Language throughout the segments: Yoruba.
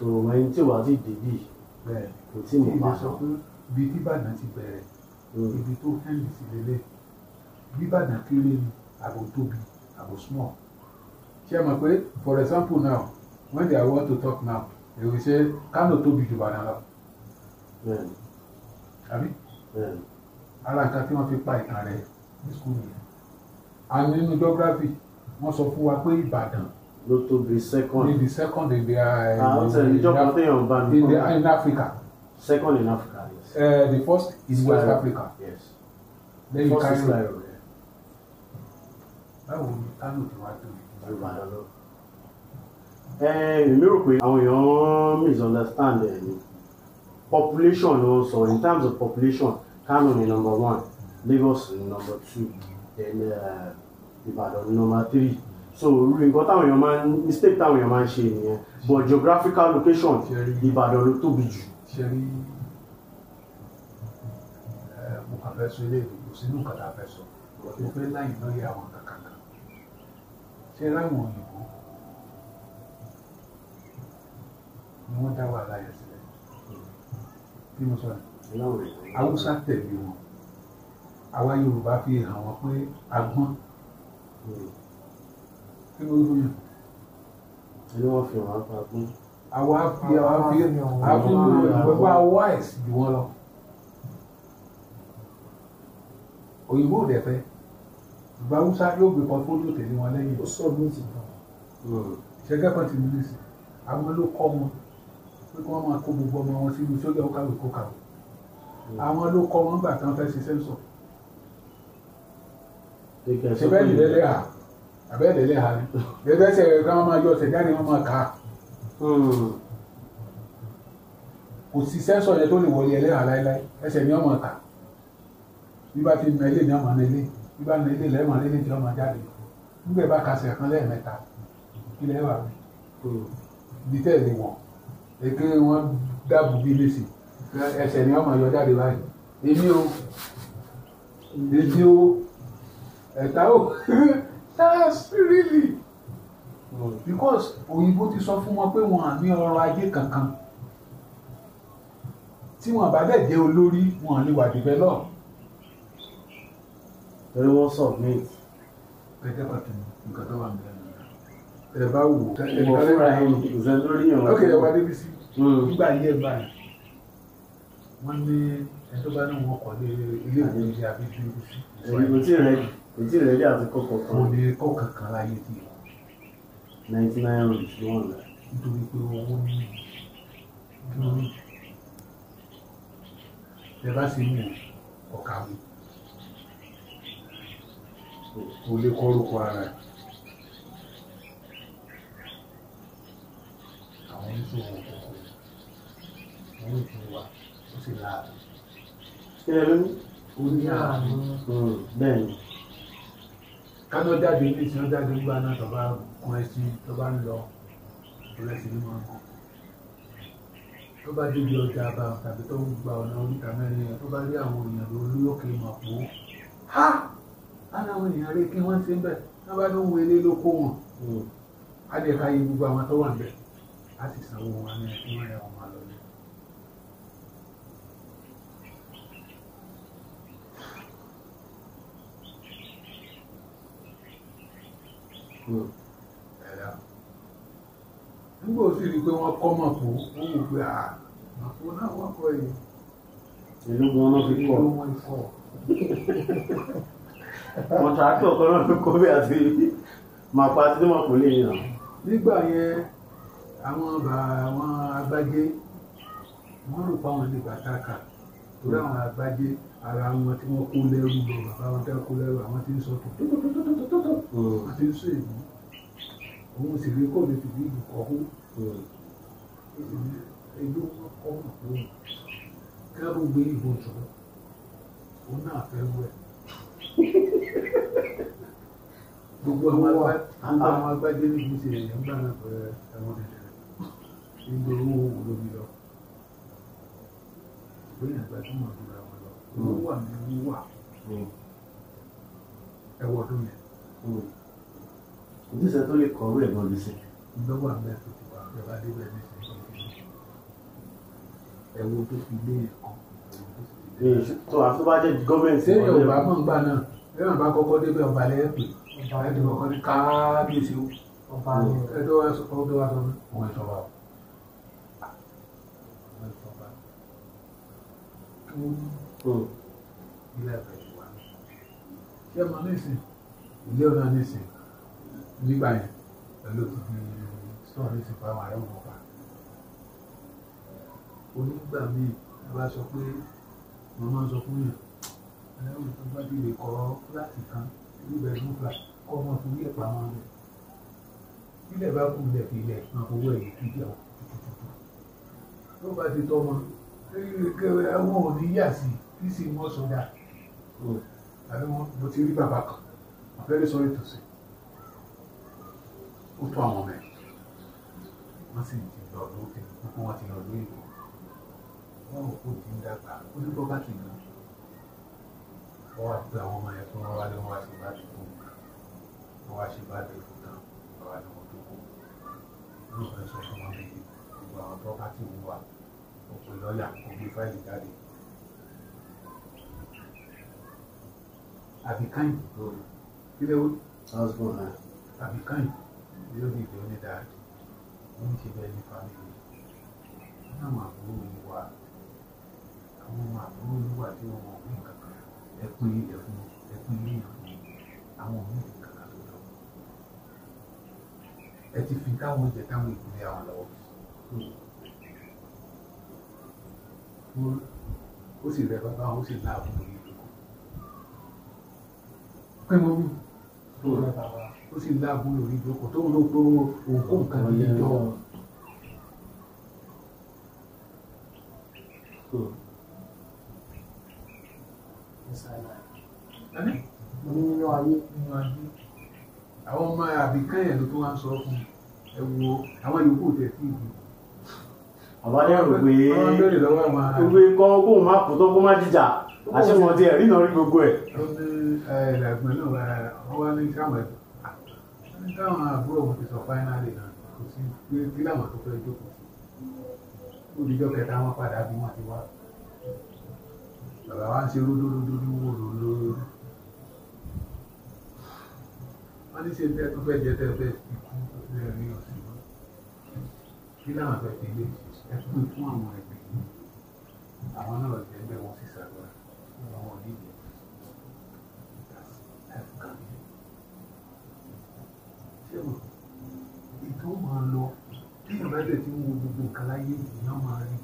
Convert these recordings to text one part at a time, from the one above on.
so ẹni tí wàá ti dèbí bẹ́ẹ̀ kò tí mo bá sọ. ibi tí Ìbàdàn ti bẹ̀rẹ̀ hmm. ibi tó hẹ́ndì sí lélẹ̀ bí kéré ni àbò tóbi àbò small. ṣé ẹ mọ̀ pé for example now when they are want to talk now they will say Kano tóbi jù Ìbàdàn lọ. àbí ara nǹkan tí wọ́n fi pa ìtàn rẹ̀ ní sukùl yẹn. àmì nínú geography wọ́n sọ fún wa pé Ìbàdàn. No, to be second. ní the second in the. àwọn uh, sẹ́yìn ah, ìjọba téèyàn bá ní. in in Africa. second in Africa yes. Uh, the first is Sierra, West Africa. yes. then first you carry. first is Sierra Leone. báwo ni kánò ti wá tó yìí. Ìbàdàn lọ. ẹ èmi àwọn èèyàn misunderstand population ló sọ in terms of population Kano ni number one Lagos ni number two then Ìbàdàn uh, ni number three so nǹkan táwọn èèyàn máa ń mistake táwọn èèyàn máa ń ṣe nìyẹn but geographical location Ìbàdàn ló tóbi jù. ṣe rí mo kàn fẹ́ sọ eléyìí kò sínú nǹkan tá a fẹ́ sọ mo fẹ́ láyìn lórí àwọn kankan kan ṣe ráwọn òyìnbó ni wọ́n dá wàhálà yẹn sílẹ̀ bí mo sọ yẹn haúsá tẹ̀lé wọn àwa Yorùbá fi hàn wọ́n pé agbọ́n. Hmm kí ló dùn yìí. ni wọ́n fi wọ́n pa kún. àwa fi àwa fi àfi ìgbẹ́gbẹ́ àwa ẹ̀sìn jù wọ́n lọ. òyìnbó ò dẹ̀ fẹ́ ìgbà hausa yóò gbé pọtifólíò tẹ̀lé wọn lẹ́yìn. ó sọ ló ti tàn. Hmm. ìṣẹ́gẹ́ kan ti nílé sí àwọn ló kọ́ wọn pé kí wọ́n máa kó gbogbo ọmọ wọn sínú sójà ókàwé kó kàwé hmm. àwọn ló kọ́ wọn gbà tán fẹ́ ṣe sẹ́ńsọ̀. ṣe bẹ́ẹ̀ nìyẹn lẹ́yà abẹ́rẹ́ ha gẹ́gẹ́ sẹ ẹ̀ka máa yọ ọ̀sẹ̀ jáde wọn máa kà hmm. kò sí sẹ́sọ̀ yẹn tó lè wọlé ẹlẹ́hà láéláé ẹsẹ̀ ni wọ́n máa kà nígbà tí nà ilé ni wọ́n máa nílé nígbà nà ilé lẹ́ẹ̀mọ̀ nílé tí wọ́n máa jáde nígbà bá kàṣẹ̀ kan lẹ́ẹ̀mẹ́ta kí lẹ́ẹ̀ wà mí hmm. bí tẹ́ lè wọ̀ èké wọn dáàbò bí lèsì ẹsẹ̀ ni wọ́n máa yọ jáde báyìí èmi o èmi o ẹ̀ta o. yes really because òyìnbó ti sọ fún wọn pé wọn à ní ọrọ̀ ajé kankan tí wọn bá dẹ̀ jẹ́ olórí wọn à lè wà develop. torí wọ́n sọ mí. pẹ̀tẹ́ pàtó nǹkan tó wà ń bẹ̀rẹ̀ ẹ bá wò ó. mo fúnra yín ìzẹ́ lórí yàn ok ẹ wá débi sí. Hmm. nígbà yí báyìí wọ́n ní ẹ tó bá ní wọn kọ́ ní ilé ìwé ìdí àbí ìdí sí. èyí kò tí ì rẹ́ jù ètí rẹ̀ dí àti kọ́kọ́ kan. mo lè kọ́ kankan láyé bí o. ninety nine rupees ló wọ̀n la. nítorí pé owó ní nítorí ẹ bá ṣe mú ọ̀kà mi o lè kọ́ orúkọ ara ẹ̀. àwọn oníṣòwò òkòkò ó sì láàbù. kí ẹ lóyún. ó ní àánú. Hmm, bẹ́ẹ̀ ni káná jáde ilé ìṣẹ́ jáde nígbà náà tó bá kan ẹṣin tó bá ń lọ ìrẹsì ní wọn kan tó bá débi ọjà bá tàbí tó ń gba ọ̀nà oríta mẹ́rin yẹn tó bá rí àwọn èèyàn ló lókè mọ̀ pó ha láwọn èèyàn rí kí wọ́n ṣe ń bẹ̀ wọ́n bá ló ń wọlé lóko wọn á lè ka iye gbogbo àwọn tó wà ń bẹ̀ á sì sanwó wọn ní ẹni tí wọ́n yà wọn máa nígbà òsì rí pé wọ́n kọ́ mọ̀ kó wọ́n wò pé ah, à àpò náà wọ́n kọ́ yìí. ìlú wọn náà fi kọ́. ìlú wọn kọ́. kọ̀ǹtàkì ọ̀kan náà fi kọ́ bí àti màá pa tí wọ́n kò lè yàn. nígbà yẹn àwọn àwọn agbájé wọ́n rò fáwọn ní bàtàkà torí àwọn agbájé ara wọn tí wọ́n kó lẹ́rù lọ bàbá wọn tẹ́ kó lẹ́rù àwọn tí ń sọ tó tó tó tó. Hmm. àti sọ èyí òun sì rí kóòdù tìbí ìdùkọ́ kú èyí ó wọ́n kọ́ mọ̀ kẹ́rù gbé ìbò jù ó náà fẹ́ wẹ̀. gbogbo àwọn ah. agbájé ní ìgbésẹ̀ èèyàn ń bá náà pẹ̀ ẹ̀wọ̀n dẹ̀dẹ̀rẹ̀ nígbà owó wò lómi lọ ìgbéyàn àgbà tó wọn lọ owó hmm. wà ní wíwà hmm. ẹ̀wọ̀n tó yẹn. Hmm. ìdíṣẹ tó lè kọrú ẹ bọ níṣẹ. lọ́wọ́ àbẹ́ tó ti wà ìjọba débẹ̀ níṣẹ́ ẹ̀wọ̀n tó fi lé ẹ̀kọ́. tó àtúbàjẹ́ gọ́ọ̀mẹ̀ntì. ṣé yorùbá mọ̀ ń gbà náà bí wọn bá kọ́kọ́ débẹ̀ ọba lẹ́ẹ̀pẹ̀ ọba ẹ̀dùn ọkọ ní káábíyèsí ọba ẹ̀dùn wa sọ ọdún wa sọ ọmọ ìjọba o. ilé ẹ̀fẹ̀ ìwà ṣé ẹ mọ̀ ní ìsìn ilé ọ̀nà nísìn nígbà yẹn pẹ̀lú ti di stone nísìn fún àwọn àyẹ̀wò pa onígbà míì bá sọ pé mo máa ń sọ fún yàn ẹlẹ́wọ̀n tó bá ti lè kọ́ láti kan níbẹ̀ ló kọ́ ọmọ fún ilé pa wọn ilé bá kú ilẹ̀ fi ilẹ̀ máa fowó ẹ̀yẹ kí jẹ́ ọ tó bá ti tọ́ wọn ẹ̀wọ̀n ò ní yà sí kí sì mọ́ sọ́dà àbí wọn mo ti rí bàbá kan. I'm very sorry to say ó tó àwọn ọmọ ẹ̀ wọ́n sì ti lọ lókè púpọ̀ wọ́n ti lọ lóyè wọ́n ò kó ti ń dàgbà ó ní bọ́ bá ti gbà wọ́n wá pé àwọn ọmọ ẹ̀ fún wọn wá lé wọn wá sí ìbádìí fún wọn wá sí ìbádìí fún tán wọn wá lé wọn tó kù ní ìfẹ́ sọ fún wọn méjì gbogbo àwọn tó bá ti Ilé wo? Husband and. Àbí káyìn yóò ní ìdí onídàájú. Ó ń ṣe bẹ́ẹ̀ ní fámìlì. Wọ́n náà máa burú mi wá. Àwọn ọmọ àbúrò mi wà tí wọ́n mọ̀ ní nǹkan kan. Ẹkún ilẹ̀ fún mi, ẹkún ilé yẹn fún mi. Àwọn mi ní nǹkan jẹ táwọn ìpínlẹ̀ àwọn lọ́wọ́. Ó sì rẹ bàbá ó sì láàbù lórí ìdókòwò. Pẹ́ mo wí ó sì láàbù lórí ìjókòó tó ń lò pé òkú nǹkan ní ìjọ. nínú ayé nínú ayé àwọn ọmọ àbíkán yẹn ló tó wá ń sọ fún ẹ wo àwọn yòókù tẹ sí ìlú. àbájáde rò pé ewé kan kóun má kó tó kó má jíjà àṣẹ wọn ti ẹ̀rí náà rí gbogbo ẹ̀. ó ní ẹ̀ẹ́dẹ̀gbọ́n náà wọ́n wá ní sáwọn ẹ̀ ní táwọn àbúrò wọn ti sọ fáínàlì náà kò sí pé kí làwọn tó fẹ́ jókòó sí olùjọ kẹta wọn padà bí wọn ti wá bàbá wa ń ṣe rúdúrúdúrú wò lólórí wọn ní ṣe tẹ tó fẹ́ jẹ tẹ fẹ́ ikú lẹ́rìí ọ̀sìn wọn kí làwọn fẹ́ fi lé ẹkún fún àwọn ẹgbẹ́ àwọn náà lọ́ọ́ jẹ́ ẹgbẹ́ wọn. ayé èèyàn máa rí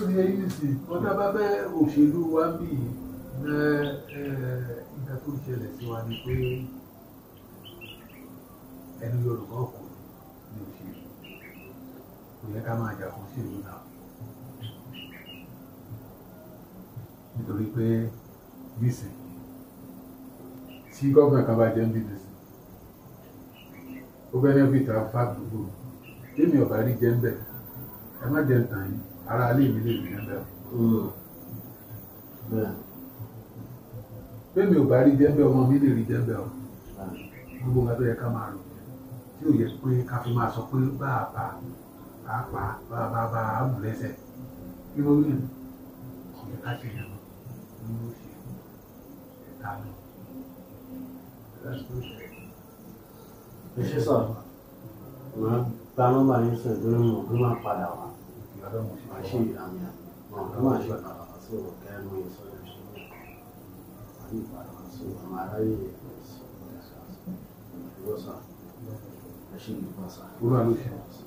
ó ní ẹyí sí wọn tá bá fẹ́ òṣèlú wa bí ẹ nǹkan tó ṣẹlẹ̀ sí wa ni pé ẹnu yorùbá ọkọ ní òṣèlú kò yẹ ká máa jà fún òṣèlú náà nítorí pé nísìnyí tí gómìnà kan bá jẹ́ ń bí nísìnyí ó bẹ́ẹ̀ ní bí ìta fáàgbùgbò jẹ́mi ọ̀bá rí jẹ́ ń bẹ̀ ẹ má jẹ́ ntàn yín ara alé mi lè rí ń bẹ̀ bẹ́ẹ̀mi ọ̀bá rí jẹ́ ń bẹ̀ ọmọ mi lè rí jẹ́ ń bẹ̀ ọ gbogbo nǹkan tó yẹ ká máa rò tí ò yẹ pé ká fi máa sọ pé bá a bá a pa bá a bá a bá a bù lẹ́sẹ̀ kí ló rí ọ̀yẹ́ ká ṣe yẹn lọ ní ó ṣe ẹ̀ka lọ. Ẹ ṣe sọ̀rọ̀. တာလုံးပါရင်းဆိုဒုလုံးကိုဘုမပါတာပါဒါတော့မရှိတာများဟောဘုမရှိတာပါဆိုတော့ကဲမွေးဆိုရင်ဒီပါတော့ဆိုအမာရီဆိုတော့ဆိုတော့မရှိဘူးပါစားဘုရားမရှိ